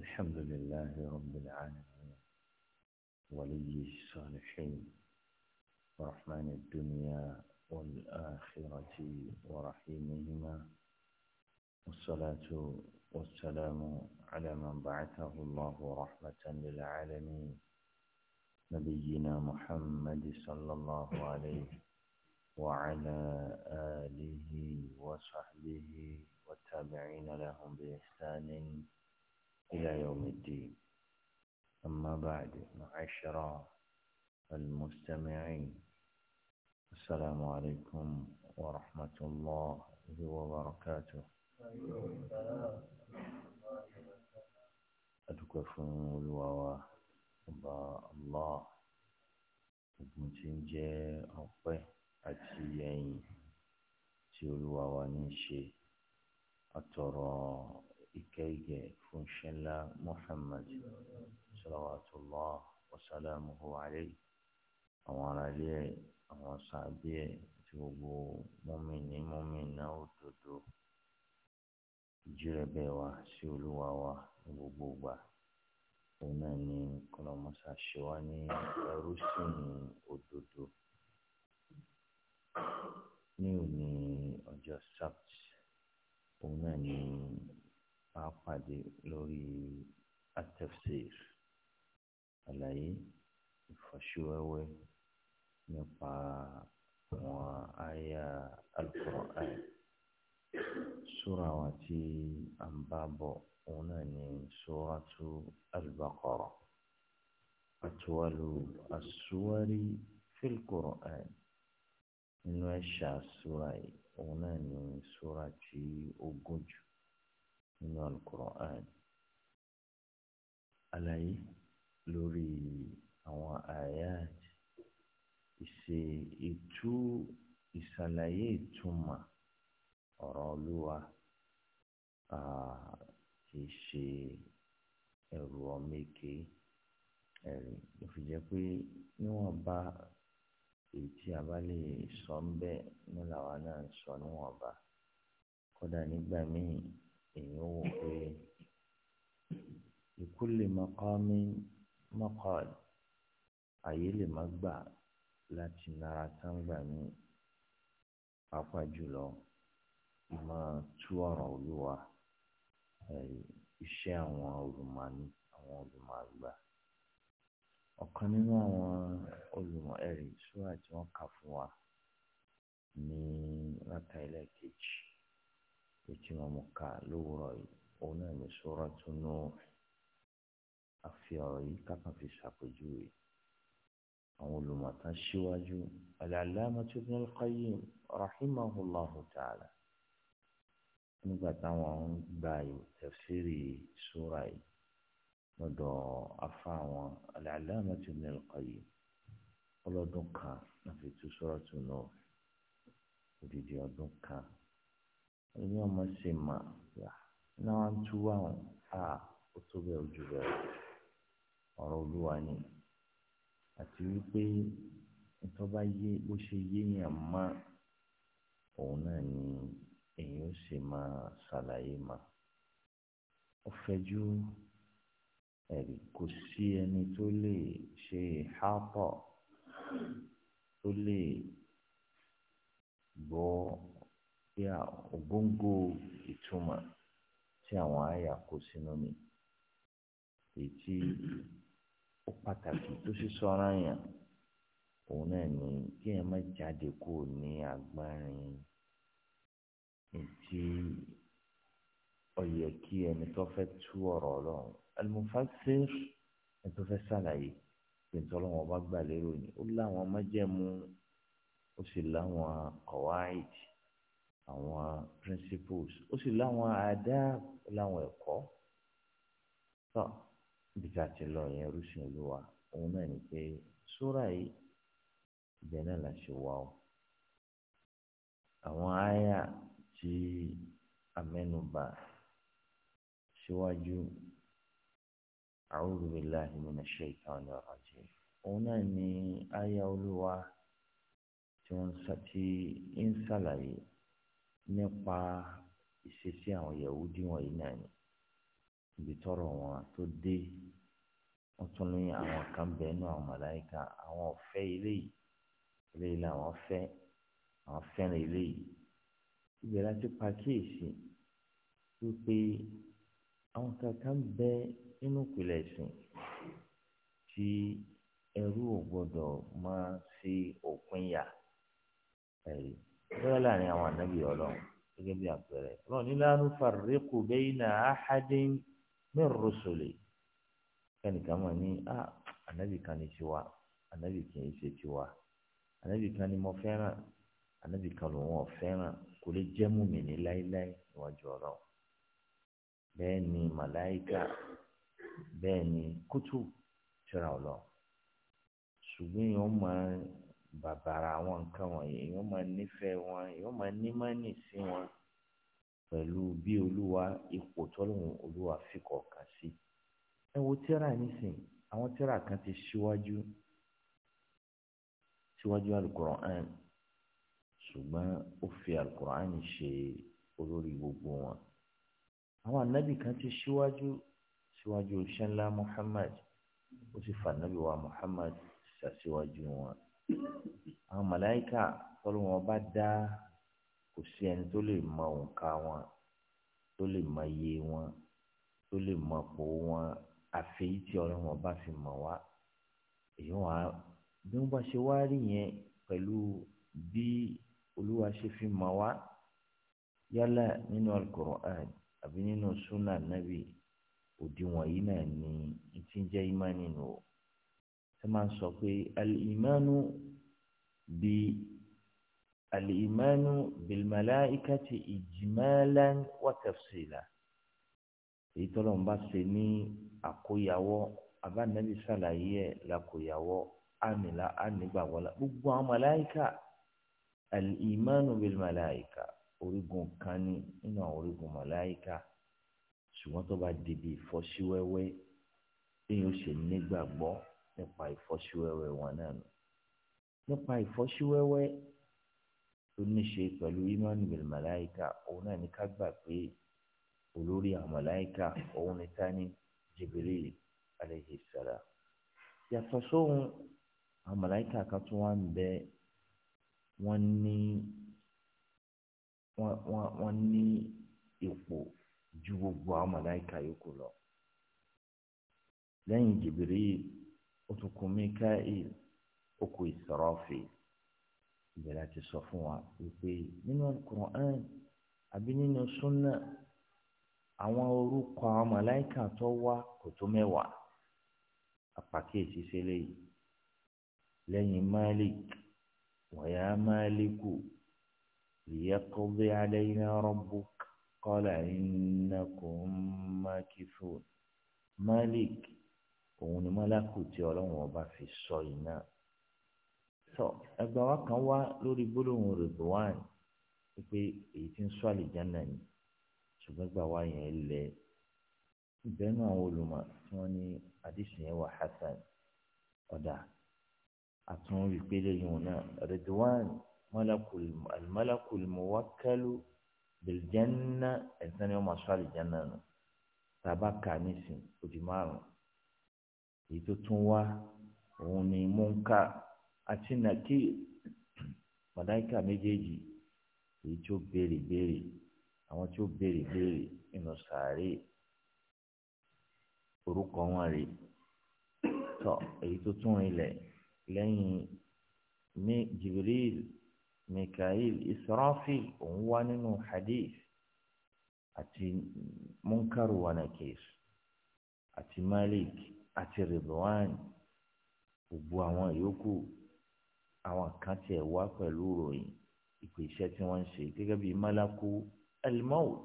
الحمد لله رب العالمين ولي الصالحين ورحمن الدنيا والآخرة ورحيمهما والصلاة والسلام على من بعثه الله رحمة للعالمين نبينا محمد صلى الله عليه وعلى آله وصحبه والتابعين لهم بإحسان إلى يوم الدين أما بعد معاشر المستمعين السلام عليكم ورحمة الله وبركاته أتكفون الواوا الله ogun tí ń jẹ́ ọpẹ́ àti ẹ̀yìn tí ìkẹyẹ fún ṣẹlá Muhammad salawatullah wasalamuhu alayhi àwọn aráalé ẹ̀ àwọn sàbí ẹ̀ àti gbogbo mọ́mìnì mọ́mìnà òdodo ìjírẹ̀bẹ̀ wa sí olúwa wa ní gbogbo ìgbà òun náà ni kọlọmọsà ṣe wá ní ẹrú òdodo ní òní ọjọ́ sábt òun náà ni a pàdé lórí atafsir àlàyé ìfọ̀síwẹ́wẹ́ nípa àwọn àyà alukur'an sura wa tí a ń bá bọ̀ òun náà ni suratu al-baqara atwalu as-suwari fil nínú ẹ̀ṣà sura yìí òun náà ni sura tí ó gùn jù nínú alukur'an àlàyé lórí àwọn ayat ìṣe ìtú ìṣàlàyé ìtumọ̀ ọ̀rọ̀ olúwa kì í ṣe ẹ̀rù ọmọ èké ẹ̀rí ló fi jẹ́ pé níwọ̀n bá èyí tí a bá lè náà sọ níwọ̀n bá kódà nígbà míì èèyàn wò pé ìkúlè mọ́kànmí mọ́kàn àyè lè má gbà láti nara sáńgbà ní pápá jùlọ ìmọ̀ tú ọ̀rọ̀ olúwa iṣẹ́ àwọn olùmọ̀ni àwọn olùmọ̀ àgbà ọ̀kan nínú àwọn olùmọ̀ ẹ̀rí sùúrà tí wọ́n kà fún wa ní rákà ẹlẹ́ẹ̀kejì ètí wọn mú ká lówùrọ̀ yìí òun náà ní Suratu Nuh àfi ọ̀rọ̀ yìí kákan fi ṣàpèjúwe àwọn olùmọ̀tán síwájú Al-Allamah Ibn Al-Qayyim rahimahullahu ta'ala nígbà táwọn ń gba tafsiri sura yìí lọ́dọ̀ afa àwọn Al-Allamah Ibn Al-Qayyim ọlọ́dún kan láti tú Suratu Nuh odidi ọdún kan ẹni ọmọ sì mà náà wọn tú àwọn a ó tó bẹ ojú bẹ ọ̀rọ̀ olúwa ni àti wípé ìtọ́ba yé bó ṣe yéèyàn mọ́ òun náà ni èyí ó sì máa ṣàlàyé mà ó fẹjú ẹ̀rí kò sí ẹni tó lè ṣe hápọ̀ tó lè gbọ́ pé ògóńgó ìtumọ̀ tí àwọn àyà kó sínú mi èyí tí ó pàtàkì tó sì sọra yàn òun náà ni kí ẹ má jáde kúrò ní agbárin ètí ọyẹ kí ẹni tó fẹ́ tú ọ̀rọ̀ Ọlọ́run al ẹni tó fẹ́ ṣàlàyé gbẹ̀ntọ́lọ́wọ́n bá gbà lérò ni ó láwọn májẹ̀mú ó sì láwọn kọ̀wáìdì àwọn principles ó sì láwọn adab láwọn ẹ̀kọ́ tó ibi tá a ti lọ yẹn rúṣin olúwa òun náà ni pé sóra yìí ibẹ̀ náà la ṣe wà ó àwọn àyà tí amẹ́nubà síwájú a'udhu billahi minash shaitani rrajim òun náà ni àyà olúwa tí wọ́n ń ṣàlàyé nípa ìṣesí àwọn Yahudi wọ̀nyí náà ni ibi tọrọ wọn tó dé wọn tún ní àwọn kan bẹ nínú àwọn màláíkà àwọn ọ̀fẹ́ eléyìí eléyìí làwọn fẹ́ àwọn fẹ́ràn eléyìí ibẹ̀ láti pàkíyèsí wípé àwọn kankan bẹ nínú ìpìlẹ̀ ẹ̀sìn tí ẹrú ò gbọdọ̀ máa ṣe òpin yà ẹ̀rí bẹ́ẹ̀ láàrin àwọn ànábì ọlọ́run gẹ́gẹ́ bí àpẹẹrẹ ọlọ́run ní la nufarriqu bayna ahadin min rusuli kẹ́nìkan mọ̀ ní a ànábì kan ní tiwa ànábì kì í ṣe tiwa ànábì kan ní mo fẹ́ràn ànábì kan lòun ò fẹ́ràn kò lè jẹ́ mùmínì láéláé níwájú ọlọ́run bẹ́ẹ̀ ni màláìkà bẹ́ẹ̀ ni kútù tíra ọlọ́run ṣùgbọ́n yóò máa bàbàrà àwọn nǹkan wọ̀nyí èèyàn máa nífẹ̀ẹ́ wọn èèyàn máa nímọ̀nì sí wọn pẹ̀lú bí olúwa ipò tọ́lọ́hún olúwa fi kọ̀ọ̀kan sí. ẹ wo tíra nísìn àwọn tíra kan ti síwájú síwájú alukur'an ṣùgbọ́n ó fi alukur'an ṣe olórí gbogbo wọn. àwọn ànábì kan ti síwájú síwájú ṣẹlá muhammad ó sì fa ànábì wa muhammad ṣàṣíwájú wọn àwọn màláìka tọ́lú wọn bá dá kò sí ẹni tó lè mọ òǹkà wọn tó lè mọ iye wọn tó lè mọ pò wọn àfẹ́yí tí ọ̀rẹ́ wọn bá fi mọ̀ wá èyí wọn á bí wọn bá ṣe wá rí yẹn pẹ̀lú bí olúwa ṣe fi mọ̀ wá yálà nínú alukur'an àbí nínú sunna nabi òdiwọ̀n yìí náà ni ti ń jẹ́ ìmánì nù o ẹ máa sọ pé alìmánu bí alìmánu bìlmàláìkàtì ìjìmẹ́lẹ́n wọ́tẹ̀fṣìlá èyí tọ́lọ́ ń bá ṣe ní àkóyawọ́ abánabi ṣàlàyé ẹ̀ làkóyawọ́ àmìlá ànígbàwọ́lá gbogbo àwọn màláìkà alìmánu bìlmàláìkà orígun kan ní nínú àwọn orígun màláìkà ṣùgbọ́n tó bá dìbì fọ́síwẹ́wẹ́ èyí ó ṣe nígbàgbọ́ nípa ìfọ́síwẹ́wẹ́ wọn náà nù nípa ìfọ́síwẹ́wẹ́ tó ní ṣe pẹ̀lú imanu bil malaika òun náà ní ká gbà pé olórí àwọn malaika òun ní tani Jibril alayhi salam yàtọ̀ sóhun àwọn malaika kan tó wà ń bẹ wọ́n ní wọ́n ní ipò ju gbogbo àwọn malaika yòókù lọ lẹ́yìn Jibril ó tún kù Mikael ó kù Israfil ibẹ̀ láti sọ fún wa wípé nínú Al-Qur'an àbí nínú súnà àwọn orúkọ àwọn màláìkà tó wá kò tó mẹ́wàá àpàkíyèsí sílẹ̀ yìí lẹ́yìn Malik wàyà Maliku liyaqdi alayna rabbuk qala innakum makithun Malik òun ni mọ́lákù tí ọlọ́run ọba fi sọ iná sọ ẹgbẹ́ wa kan wá lórí gbólóhùn rẹ̀dùwán pé èyí tí ń sọ àlìjánà ni ṣùgbọ́n ẹgbẹ́ wa yẹn lẹ ìbẹ́nu àwọn olùmọ̀ tí wọ́n ní àdìsí yẹn wà hasan ọ̀dà àtún rí lẹ́yìn òun náà rẹ̀dùwán mọ́lákù mọ́wákálù bẹ̀lìjánà ẹ̀sán ni wọ́n máa sọ àlìjánà nù tàbá kà nísìn odi márùn-ún èyí tó tún wá òun ni múnká àti nàkí màláìka méjèèjì èyí tó béèrè béèrè àwọn tó béèrè béèrè nínú sàárè orúkọ wọn rè tọ èyí tó tún rinlẹ̀ lẹ́yìn ní Jibril Mikael Israfil òun wá nínú hadith àti munkaru wa àti Malik àti Ridwan gbogbo àwọn yòókù àwọn kan tiẹ̀ wá pẹ̀lú ròyìn ìpè iṣẹ́ tí wọ́n ń ṣe gẹ́gẹ́ bíi malaku elmoud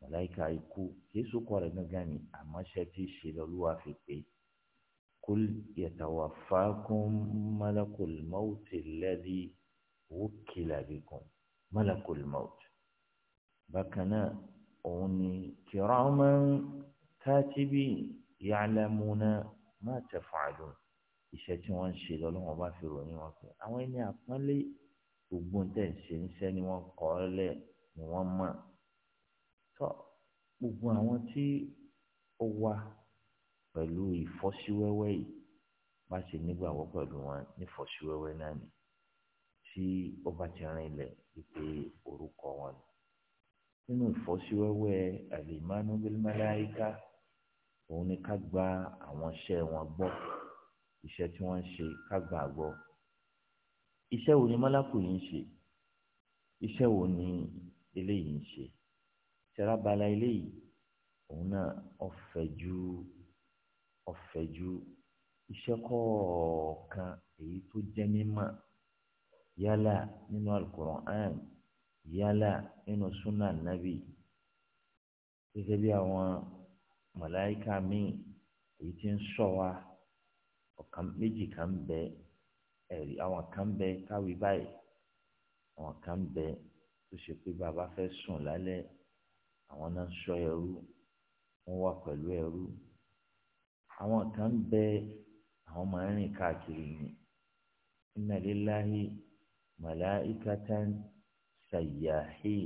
màláìka ikú jésù kọ́ rẹ̀ gángan ni àmọ́ iṣẹ́ tí ṣe lọ́lúwa fi pé kul yatawaffakum malakul maut alladhi wukkila bikum malakul maut bákan náà òun ni kiraman katibin ya'lamuna ma taf'alun iṣẹ́ tí wọ́n ń ṣe lọ́lọ́wọ́n bá fi ròyìn wọn pé àwọn ẹni àpọ́nlé gbogbo tẹ̀ ń ṣe níṣẹ́ ni wọ́n kọ́ ọ lẹ̀ ni wọ́n mọ̀ tọ́ gbogbo àwọn tí ó wà pẹ̀lú ìfọ́síwẹ́wẹ́ yìí má ṣe nígbàgbọ́ pẹ̀lú wọn nífọ̀síwẹ́wẹ́ náà ni tí ó bá ti rìn ilẹ̀ wípé orúkọ wọn nínú ìfọ́síwẹ́wẹ́ al-imanu bil òun ni ká gba àwọn iṣẹ́ wọn gbọ́ iṣẹ́ tí wọ́n ń ṣe ká gbà gbọ́ iṣẹ́ wo ni mọ́lákù yìí ń ṣe iṣẹ́ wo ni eléyìí ń ṣe ṣẹlábala eléyìí òun náà ọ̀fẹ́jú ọ̀fẹ́jú iṣẹ́ kọ̀ọ̀kan èyí tó jẹ́ mímọ́ yálà nínú alukur'an yálà nínú sunnah nabi gẹ́gẹ́ bí àwọn màláìka míì èyí tí ń sọ wa ọ̀kan méjì kan bẹ ẹ̀rí àwọn kan bẹ káwí báyìí àwọn kan bẹ tó ṣe pé bàbá fẹ́ sùn lálẹ́ àwọn náà ń sọ ẹrú wọ́n wà pẹ̀lú ẹrú àwọn kan bẹ àwọn máa ń rìn káàkiri ni inna lillahi màláìkatan sayyahin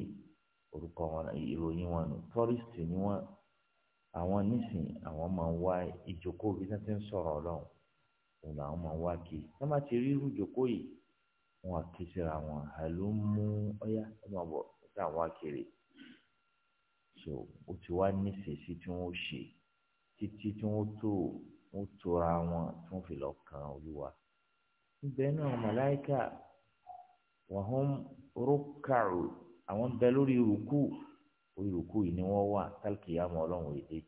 orúkọ wọn ìròyìn wọn nù tọ́rìsì ni wọ́n àwọn nísìn àwọn máa ń wá ìjókòó bí wọ́n ti ń sọ̀rọ̀ ọlọ́run òun làwọn máa ń wá kí wọ́n bá ti rí irú ìjókòó yìí wọn àti síra wọn àló mú ọyá ẹ máa bọ̀ ọtí àwọn akèrè so ó ti wá nísinsìnyí tí wọn ó ṣe títí tí wọn ó tó wọn ó tora wọn tí wọn fi lọ kan olúwa níbẹ̀ náà màláìka wàhún rúkàrú àwọn bẹ lórí rúkú ìrùkù yìí ni wọ́n wà tálkì àmọ́ ọlọ́run èdè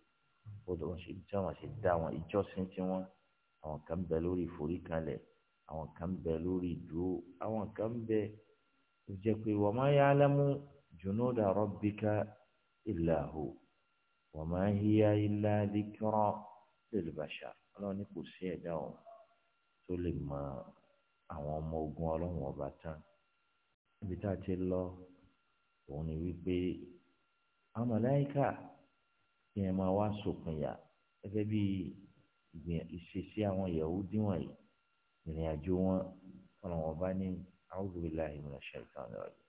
bọ́dọ̀ ń ṣe bí wọ́n ṣe dá wọn ìjọsìn tí wọ́n àwọn kan bẹ lórí ìforíkalẹ̀ àwọn kan bẹ lórí ìdúró àwọn kan bẹ jẹ pé wa ma ya'lamu junuda rabbika illa hu wa ma hiya illa dhikra lil bashar ọlọ́run ní kò sí ẹ̀dá ọ̀hún tó lè mọ àwọn ọmọ ogun ọlọ́run ọba tán ibi tá a ti lọ òun ni wípé àwọn màláìka yẹn máa wá sòkùn yà gẹ́gẹ́ bí ìṣesí àwọn Yahudi wọ̀nyí ìrìn àjò wọn ọ̀ràn wọn bá ní a'udhu billahi minash shaitanir rajim.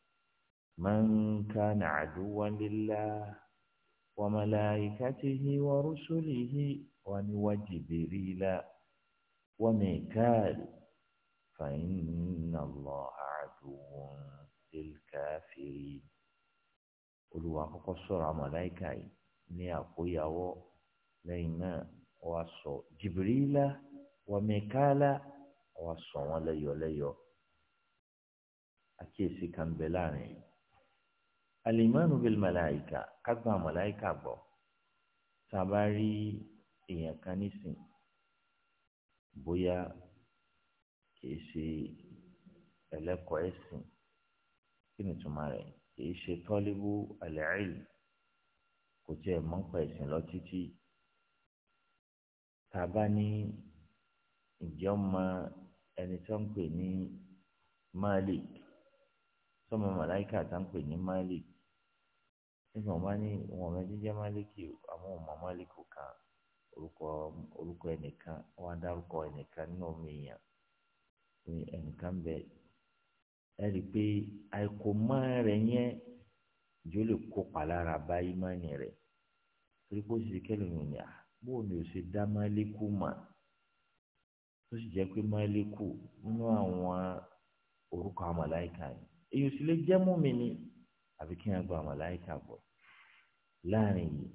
man kana aduwwan lillahi wa malaikatihi wa rusulihi wa ni wa jibirila wa mikal fa inna allaha aduwwun lil kafirin olùwà kọ́kọ́ sọ̀rọ̀ àmàláìkà yìí ní àkóyawọ́ lẹ́yìn náà wà sọ jìbìrìlá wà mẹ́kálá wà sọ wọn lẹ́yọ̀lẹ́yọ̀ àkíyèsí kan bẹ láàrin alimanu bil malaika kagbọn amalaika gbọ́ tàbá èèyàn kan nísìn bóyá kìí ṣe ẹlẹ́kọ̀ọ́ ẹ̀sìn kí ni túmọ̀ rẹ̀ kìí ṣe tọ́lébù àlẹ́rìn kò tiẹ̀ mọ́ pa ẹ̀sìn lọ títí tá a bá ní ìjọ mọ ẹni tó ń pè ní Malik sọmọ màláìkà tó ń pè ní Malik nígbà wọn bá ní wọn bá jíjẹ Maliki àwọn ọmọ Maliku kan orúkọ orúkọ ẹnìkan wọn á dárúkọ ẹnìkan nínú omi èèyàn ẹnìkan bẹ́ẹ̀ ẹ rí i pé àìkòmọ́ rẹ̀ yẹn jọ lè kópa lára bá ìmánì rẹ̀ torí pé ó sì kẹ́lẹ́ ní à bóun ni ò ṣe dá málékù mà tó sì jẹ́ pé málékù nínú àwọn orúkọ àmàláìkà yìí èyí ò sì lè jẹ́ mú mi ni àfi kí n gba àmàláìkà bọ̀ láàrin yìí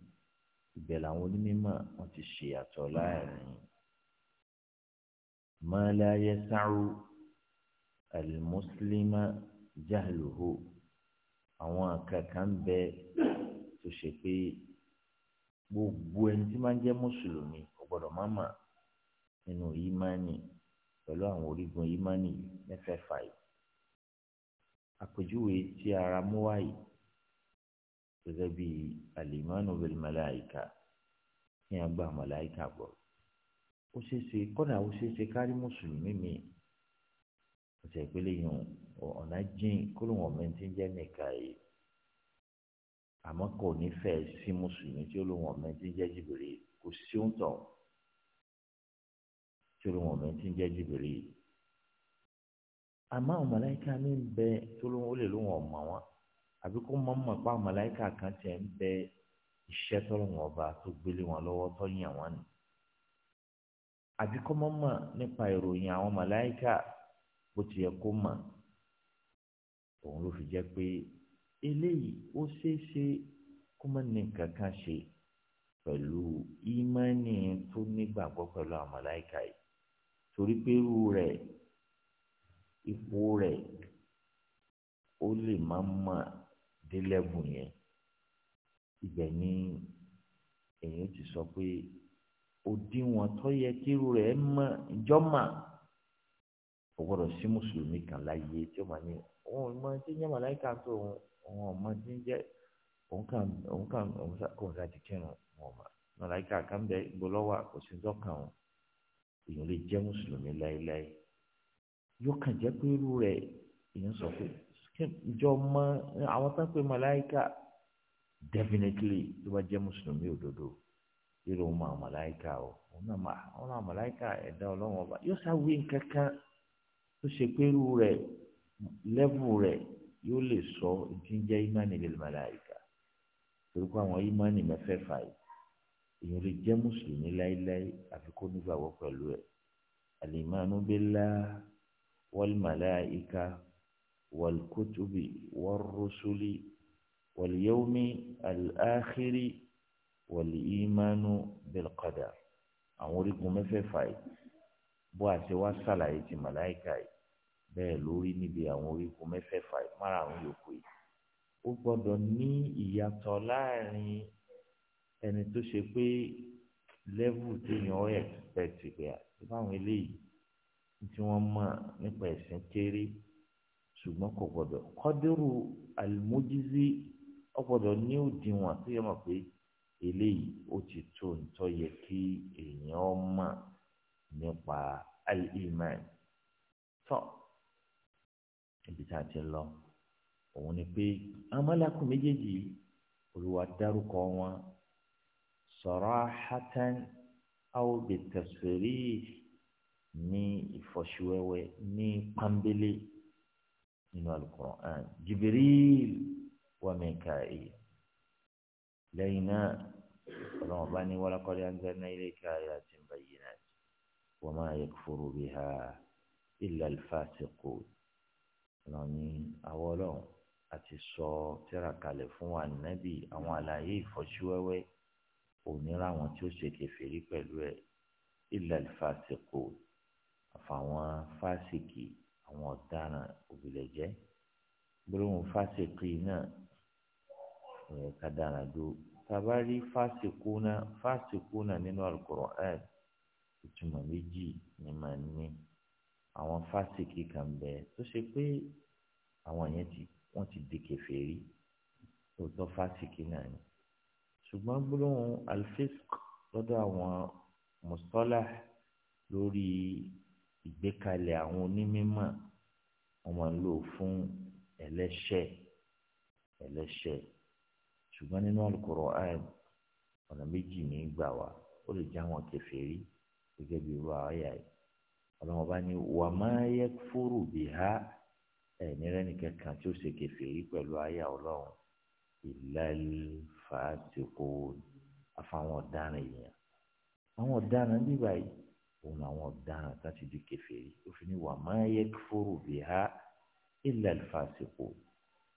ibẹ̀ làwọn onímọ̀ wọn ti ṣe àtọ̀ láàrin mọ́láyé sáárù alimuslima jahluhu àwọn kankan bẹ tó ṣe pé gbogbo ẹni tí máa ń jẹ́ mùsùlùmí kò gbọ́dọ̀ má mà nínú ìmánì pẹ̀lú àwọn orígun ìmánì mẹ́fẹ̀ẹ̀fà yìí àpèjúwe tí ara mú wáyé gẹ́gẹ́ bí alimanu bil malaika kí a gba gbọ́ ó ṣeéṣe kódà ó ṣeéṣe kárí mùsùlùmí mi. mi ọ̀sẹ̀ ìpínlẹ̀ yìí ọ̀nà jìn kó ló wọ̀n mẹ́tí ń jẹ́ nìka yìí àmọ́ kò ní fẹ́ sí mùsùlùmí tí ó ló wọ̀n mẹ́tí ń jẹ́ jìbìrì kò sí ń tọ̀ tí ó ló wọ̀n mẹ́tí ń jẹ́ jìbìrì àmọ́ àwọn màláíkà ní ń bẹ tó ló ó lè ló wọ̀n mọ̀ wọ́n àbí kó mọ̀ mọ̀ pa àwọn màláíkà kan tiẹ̀ ń bẹ iṣẹ́ tọ́lọ́wọ́n ọba tó gbélé wọn lọ́wọ́ tó yàn wọ́n ni àbí kó mọ̀ mọ̀ nípa ìròyìn àwọn màláíkà bó ti yẹ kó mà òun ló fi jẹ́ pé eléyìí ó ṣeé ṣe kó má ní nǹkan kan ṣe pẹ̀lú ìmánì tó nígbàgbọ́ pẹ̀lú àwọn màláíkà yìí torí pé irú rẹ̀ ipò rẹ̀ ó lè má mà dé yẹn ibẹ̀ ni èyí ti sọ pé òdiwọ̀n tó yẹ kírú rẹ̀ mọ̀ ìjọ́ kò gbọdọ̀ sí mùsùlùmí kan láyé tí ó máa ní òun ò mọ tí ń jẹ́ màláìka tó òun òun ò mọ tí ń jẹ́ òun kàn òun kàn òun kàn láti kírun wọn ma màláìka kan bẹ gbọlọ́wà kò sí dọ́kàn òun èèyàn lè jẹ́ mùsùlùmí láéláé yóò kàn jẹ́ pé irú rẹ̀ èèyàn sọ pé ìjọ mọ àwọn tó ń màláìka definitely tó bá jẹ́ mùsùlùmí òdodo irú ọmọ màláìka o òun náà màláìka ẹ̀dá ọlọ́wọ́n ọba yóò sá wí nǹkan kan tó ṣe pé irú rẹ̀ lẹ́bù rẹ̀ yóò lè sọ ìdí ń jẹ́ ìmánì lil màláíkà torí pé àwọn ìmánì mẹ́fẹ̀ẹ̀fà yìí èèyàn lè jẹ́ mùsùlùmí láéláé àfi kó nígbàgbọ́ pẹ̀lú ẹ̀ al-imanu billah wal màláíkà wal kutubi war rusuli wal yawmi al-akhiri wal imanu bil qadar àwọn orígun mẹ́fẹ̀ẹ̀fà yìí bó a ṣe wá ṣàlàyé ti màláìka yìí bẹ́ẹ̀ lórí níbi àwọn orígun mẹ́fẹ̀ẹ̀fà márààrún yòókù yìí ó gbọ́dọ̀ ní ìyàtọ̀ láàrin ẹni tó ṣe pé lẹ́vù téèyàn ó ẹ̀kpẹ̀tì pé àti báwọn eléyìí tí wọ́n mọ̀ nípa ẹ̀sìn kéré ṣùgbọ́n kò gbọ́dọ̀ kọ́dírù àlùmójísí ó gbọ́dọ̀ ní òdiwọ̀n tó yẹ mọ̀ pé eléyìí ó ti tó ntọ́ yẹ kí èèyàn mọ̀ nípa al-iman tọ́ ibi tá a ti lọ òun ni pé amálàkùn méjèèjì olùwà dárúkọ wọn sarahatan aw bitasfirih ní ìfọ̀síwẹ́wẹ́ ní pàmbélé nínú al-Qur'an Jibril wa Mikail lẹ́yìn náà ọlọ́run bá ní walaqad anzalna ilayka ayatin bayyinat wama yakfuru biha illa al-fasiqun ọ̀nà ni àwọn ọlọ́run àti sọ tírà kalẹ̀ fún ànábì àwọn àlàyé ìfọ́síwẹ́wẹ́ òmíràn àwọn tí ó ṣe kèfèrí pẹ̀lú ẹ̀ illa al-fasiqun àfàwọn fásìkì àwọn ọ̀daràn òbílẹ̀jẹ́ gbólóhùn fásìkì náà ẹ̀ka dára tàbá rí fásìkù náà fásìkù náà nínú al ẹ̀ ìtumọ̀ méjì ni màá ní àwọn fásìkì kan bẹ tó ṣe pé àwọn yẹn ti wọ́n ti di kèfèrí lóòótọ́ fásìkì náà ni ṣùgbọ́n gbólóhùn alfisk lọ́dọ̀ àwọn mùsọ́là lórí ìgbékalẹ̀ àwọn onímọ̀ wọ́n máa ń lò fún ẹlẹ́ṣẹ̀ ẹlẹ́ṣẹ̀ ṣùgbọ́n nínú Al-Qur'an ọ̀nà méjì ní gbà wá ó lè jẹ́ àwọn kèfèrí gẹ́gẹ́ bí irú àyà yìí ọlọ́run ọba ní wà máa yẹ fúrù bí ha ẹ̀ nírẹ́ nìkan kan tí ó ṣe kẹfìrí pẹ̀lú àyà ọlọ́run ìlàlí fàásìkò àfàwọn ọ̀daràn èèyàn àwọn ọ̀daràn bíbá yìí òun àwọn ọ̀daràn tá ti di kẹfìrí ó fi ní wà máa yẹ fúrù bí ha ìlàlí fàásìkò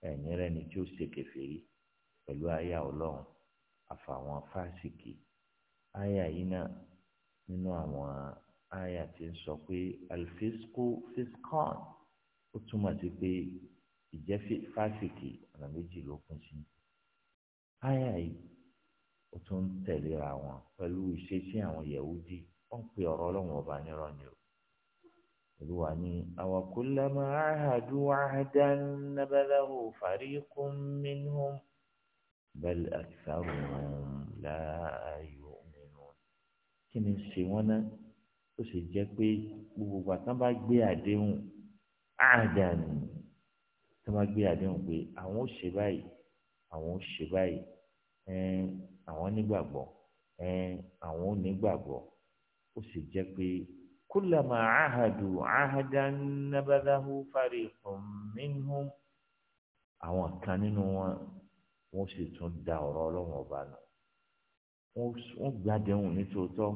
ẹ̀ nírẹ́ ni tí ó ṣe kẹfìrí pẹ̀lú àyà ọlọ́run àfàwọn fásìkì àyà yìí náà nínú àwọn àyà tí ń sọ pé alfisco fiscon ó túmọ̀ sí pé ìjẹ́ fásitì ọ̀nà méjì ló kún sí àyà yìí ó tún ń tẹ̀léra wọn pẹ̀lú ìṣesí àwọn yahudi wọ́n ń pe ọ̀rọ̀ ọlọ́run ọba nírọ̀ ni o olúwa ni àwàkúlámà àhàdù àhàdà nàbàdàwò fàríkùn minhum bal aktharuhum la ayu kí ni ṣe wọ́n ná ó sì jẹ́ pé gbogbo ìgbà tán bá gbé àdéhùn àdàní tán bá gbé àdéhùn pé àwọn ò ṣe báyìí àwọn ò ṣe báyìí ẹn àwọn nígbàgbọ́ ẹn àwọn ò nígbàgbọ́ ó sì jẹ́ pé kullama ahadu ahadan nabadahu fariqun minhum àwọn kan nínú wọn wọ́n sì tún da ọ̀rọ̀ Ọlọ́run ọba nù wọ́n gbàdéhùn ní tòótọ́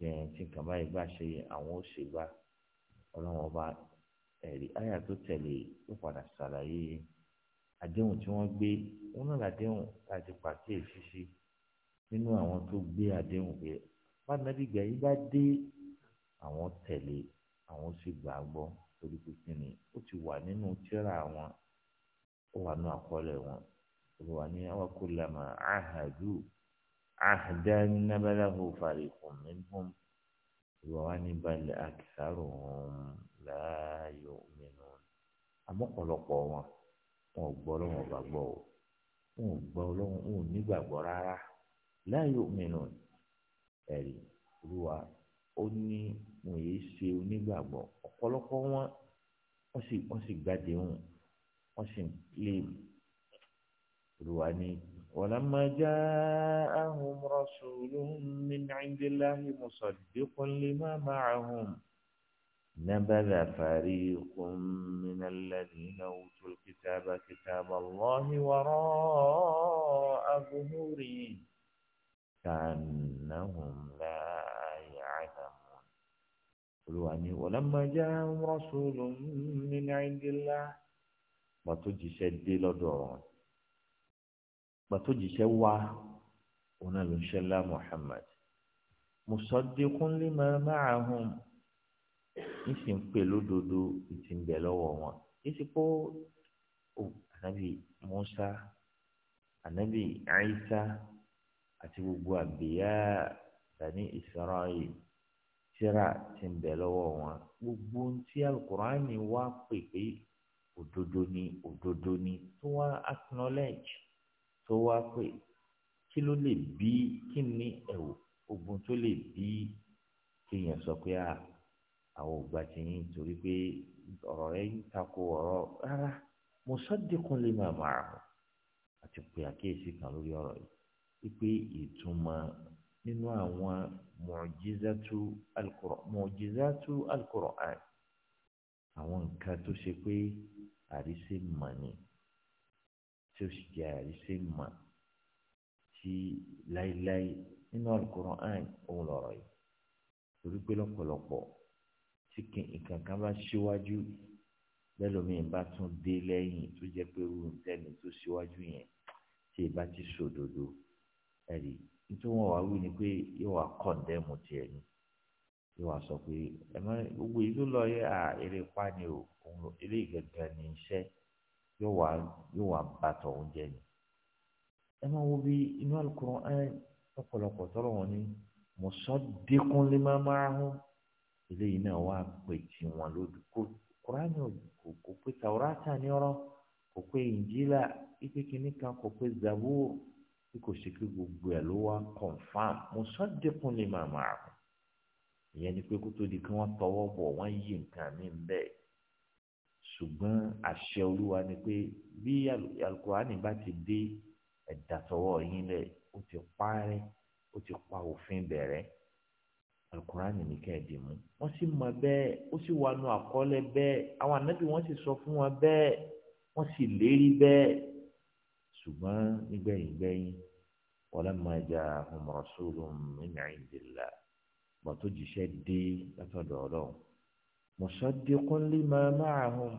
yẹn tí nǹkan báyìí bá ṣe àwọn ó ṣe bá ọlọ́run ọba ẹ̀rí àyà tó tẹ̀lé ó padà ṣàlàyé àdéhùn tí wọ́n gbé wọn náà làdéhùn láti pàkíyèsí sí nínú àwọn tó gbé àdéhùn pé fáńdàbí ìgbà yìí bá dé àwọn tẹ̀lé àwọn sì gbà á gbọ́ torí pé ni ó ti wà nínú tírà wọn ó wà nínú àkọọ́lẹ̀ wọn olùwà ní awakùnlẹ̀ mọ̀ áhàdù. عهدا نبله فريق منهم ìwọ̀wání balẹ̀ àkìsàrò ọ̀hún láàyò mìíràn amọ́pọ̀lọpọ̀ wọn wọn ò gbọ́ lọ́wọ́ gbàgbọ́ o wọn ò gbọ́ lọ́wọ́ wọn ò nígbàgbọ́ rárá láàyò mìíràn ẹ̀rí olúwa ó ní wọn èyí ṣe onígbàgbọ́ ọ̀pọ̀lọpọ̀ wọn wọ́n sì wọ́n sì gbàdéhùn wọ́n sì lè olúwa ní ولما جاءهم رسول من عند الله مصدق لما معهم نبذ فريق من الذين أوتوا الكتاب كتاب الله وراء ظهورهم كأنهم لا يعلمون قلواني ولما جاءهم رسول من عند الله وتجسد لدورهم gbàtó jìṣẹ́ wá òun náà ló ń ṣẹlá Muhammad musaddiqun lima ma'ahum ń sì ń pè lódodo ìtì ń bẹ lọ́wọ́ wọn èsì pé ó ànábì Musa ànábì Isa àti gbogbo àbíyá Bani Israel tírà ti ń bẹ lọ́wọ́ wọn gbogbo ohun tí alukur'ani wá pè pé òdodo ni òdodo ni tó wá acknowledge tó wá pé kí ló lè bí kí ni ẹ̀wò ogun tó lè bí kéèyàn sọ pé a àwọn ògbà ti yín torí pé ọ̀rọ̀ rẹ̀ ń tako ọ̀rọ̀ rárá mo sọ́dẹ̀kùn lè máa máa rọ̀ àti pé àkíyèsí kan lórí ọ̀rọ̀ yìí wípé ìtumọ̀ nínú àwọn mọ̀jísátú al-Qur'an àwọn nǹkan tó ṣe pé àrísé mọ̀ ni tí o sì jẹ́ àríṣe mọ̀ tí láíláí nínú Al-Qur'an òun lọ̀rọ̀ yìí torí pé lọ́pọ̀lọpọ̀ tí nǹkan kan bá ṣíwájú lẹ́lòmíín bá tún dé lẹ́yìn tó jẹ́ pé irú tẹ́ni tó ṣíwájú yẹn tí ì bá ti ṣòdodo ẹ̀rí nítorí wọn wá wí ni pé yóò wá kọ̀ǹdẹ́mù tiẹ̀ ni yóò wá sọ pé ẹ má gbogbo yìí ló lọ yẹ à eré pani o eré ìgangan ní iṣẹ́ yóò wá yóò wá bá tọ̀hún jẹ ni ẹ máa wo bí inú Al-Qur'an ọ̀pọ̀lọpọ̀ tọrọ wọn ni musaddiqun lima ma'ahum eléyìí náà wá pè tí wọn lódì kó kúránì kò pé tàwùrátà ní ọ̀rọ̀ kò pé Injila ike kìíní kan kò pé Zabur bí kò ṣe pé gbogbo ẹ ló wá confam musaddiqun lima ma'ahum ìyẹn ni pé kó di kí wọn tọwọ́ bọ̀ wọn yí nǹkan mi bẹ́ẹ̀ ṣùgbọ́n àṣẹ olúwa ni pé bí alukurani bá ti dé ẹ̀dà sọ́wọ́ yín lẹ̀ ó ti parẹ́ ó ti pa òfin bẹ̀rẹ̀ alukurani ní kẹ́ẹ̀dì mú wọ́n sì mọ̀ bẹ́ẹ̀ ó sì wà nù àkọọ́lẹ̀ bẹ́ẹ̀ àwọn ànábì wọ́n sì sọ fún wọn bẹ́ẹ̀ wọ́n sì lérí bẹ́ẹ̀ ṣùgbọ́n nígbẹ̀yìn gbẹ̀yìn walamma ja'ahum rasulun min 'indillah bàtó jíṣẹ́ dé látọ̀dọ̀ ọlọ́run musaddiqun lima ma'ahum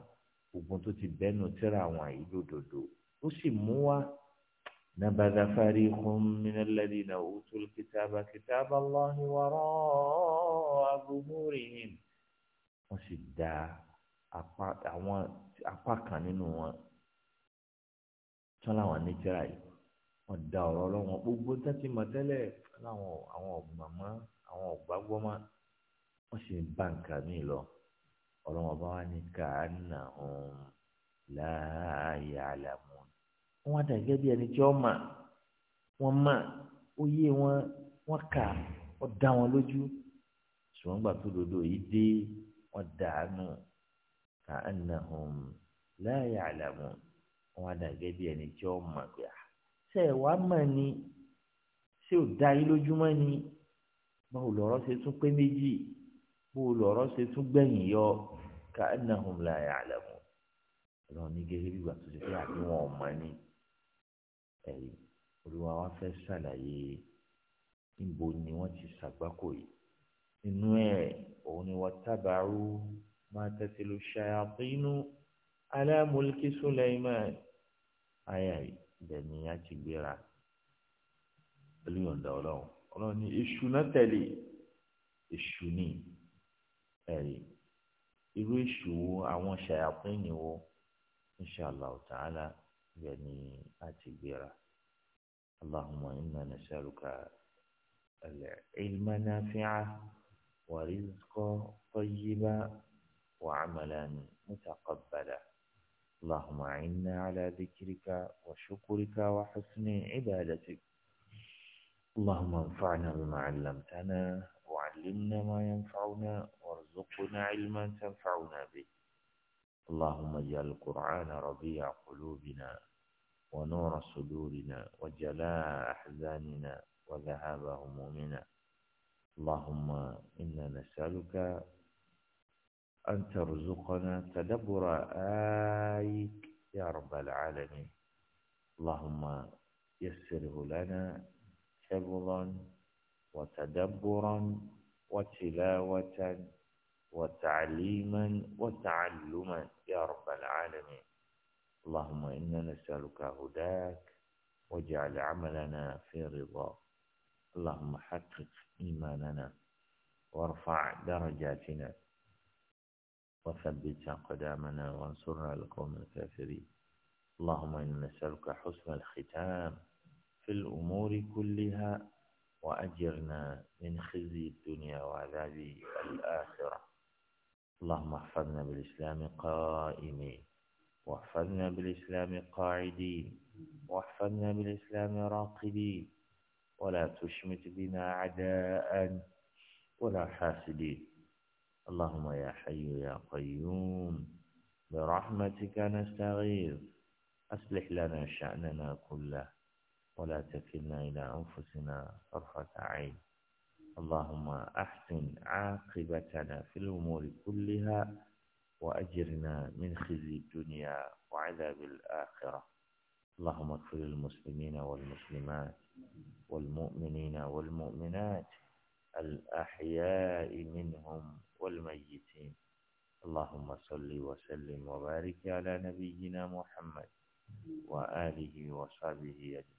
ogun tó ti bẹ́nu tíra àwọn ìlú dòdò ó sì mú wá nabadha fariqun minal ladhina utul kitaba kitaba Allahi wara'a zuhurihim wọ́n sì dá apá kan nínú wọn tán láwọn ní yìí wọ́n da ọ̀rọ̀ ọlọ́wọ́n gbogbo tẹ́tí mọ̀tẹ́lẹ̀ láwọn àwọn ọ̀gbọ̀n mọ́ àwọn ọ̀gbàgbọ́ mọ́ wọ́n sì ń bá nǹkan míì ọlọ́wọ́n bá wà ní kàánà ọ̀hún láàyè àlàmú wọn dà gẹ́gẹ́ bí ẹni tí wọ́n mà wọ́n mà ó yé wọn wọ́n kà ó dá wọn lójú ṣùgbọ́n gbà tó dodo yìí dé wọ́n dàánù kàánà ọ̀hún láàyè àlàmú wọn dà gẹ́gẹ́ bí ẹni tí wọ́n mà pé à ṣe ẹ̀ mà ni ṣé ò dá yín lójúmọ́ ni báwo lọ̀rọ̀ ṣe tún pé méjì báwo lọ̀rọ̀ ṣe tún gbẹ̀yìn yọ ka annahum la ya'lamun ọlọ́run ní gẹ́gẹ́ bí ìgbà tó ṣe pé àbí wọn ò mọ̀ ni ẹ̀yìn olúwa wa fẹ́ ṣàlàyé níbo ni wọ́n ti ṣàgbákò yìí inú ẹ̀ òun ni wọ́n tábàárù máa tẹ́tẹ́lu ṣayàpínú ala mulki Sulaiman ayà ibẹ̀ ni ti gbéra pẹ̀lú yọ̀ǹda ọlọ́run ní èṣù náà tẹ̀lé èṣù ní ẹ̀yìn. irú èṣù wo àwọn ṣàyàpínyìn wo inshallah ta'ala yẹ ni a ti gbéra allahumma inna nasaluka al-ilma nafi'a wa rizqa tayyiba wa 'amalan mutaqabbala اللهم أعنا على ذكرك وشكرك وحسن عبادتك اللهم انفعنا بما علمتنا وعلمنا ما ينفعنا وارزقنا علما تنفعنا به اللهم اجعل القرآن ربيع قلوبنا ونور صدورنا وجلاء أحزاننا وذهاب همومنا اللهم إنا نسألك أن ترزقنا تدبر آيك يا رب العالمين اللهم يسره لنا حفظا وتدبرا وتلاوة وتعليما وتعلما يا رب العالمين اللهم إنا نسألك هداك واجعل عملنا في رضاك اللهم حقق إيماننا وارفع درجاتنا وثبت قدامنا وانصرنا لقوم الكافرين اللهم إنا نسألك حسن الختام في الأمور كلها وأجرنا من خزي الدنيا وعذاب الآخرة اللهم احفظنا بالإسلام قائمين واحفظنا بالإسلام قاعدين واحفظنا بالإسلام راقدين ولا تشمت بنا عداء ولا حاسدين اللهم يا حي يا قيوم برحمتك نستغيث أصلح لنا شأننا كله ولا تكلنا إلى أنفسنا طرفة عين اللهم أحسن عاقبتنا في الأمور كلها وأجرنا من خزي الدنيا وعذاب الآخرة اللهم اغفر المسلمين والمسلمات والمؤمنين والمؤمنات الأحياء منهم والميتين اللهم صل وسلم وبارك على نبينا محمد وآله وصحبه أجمعين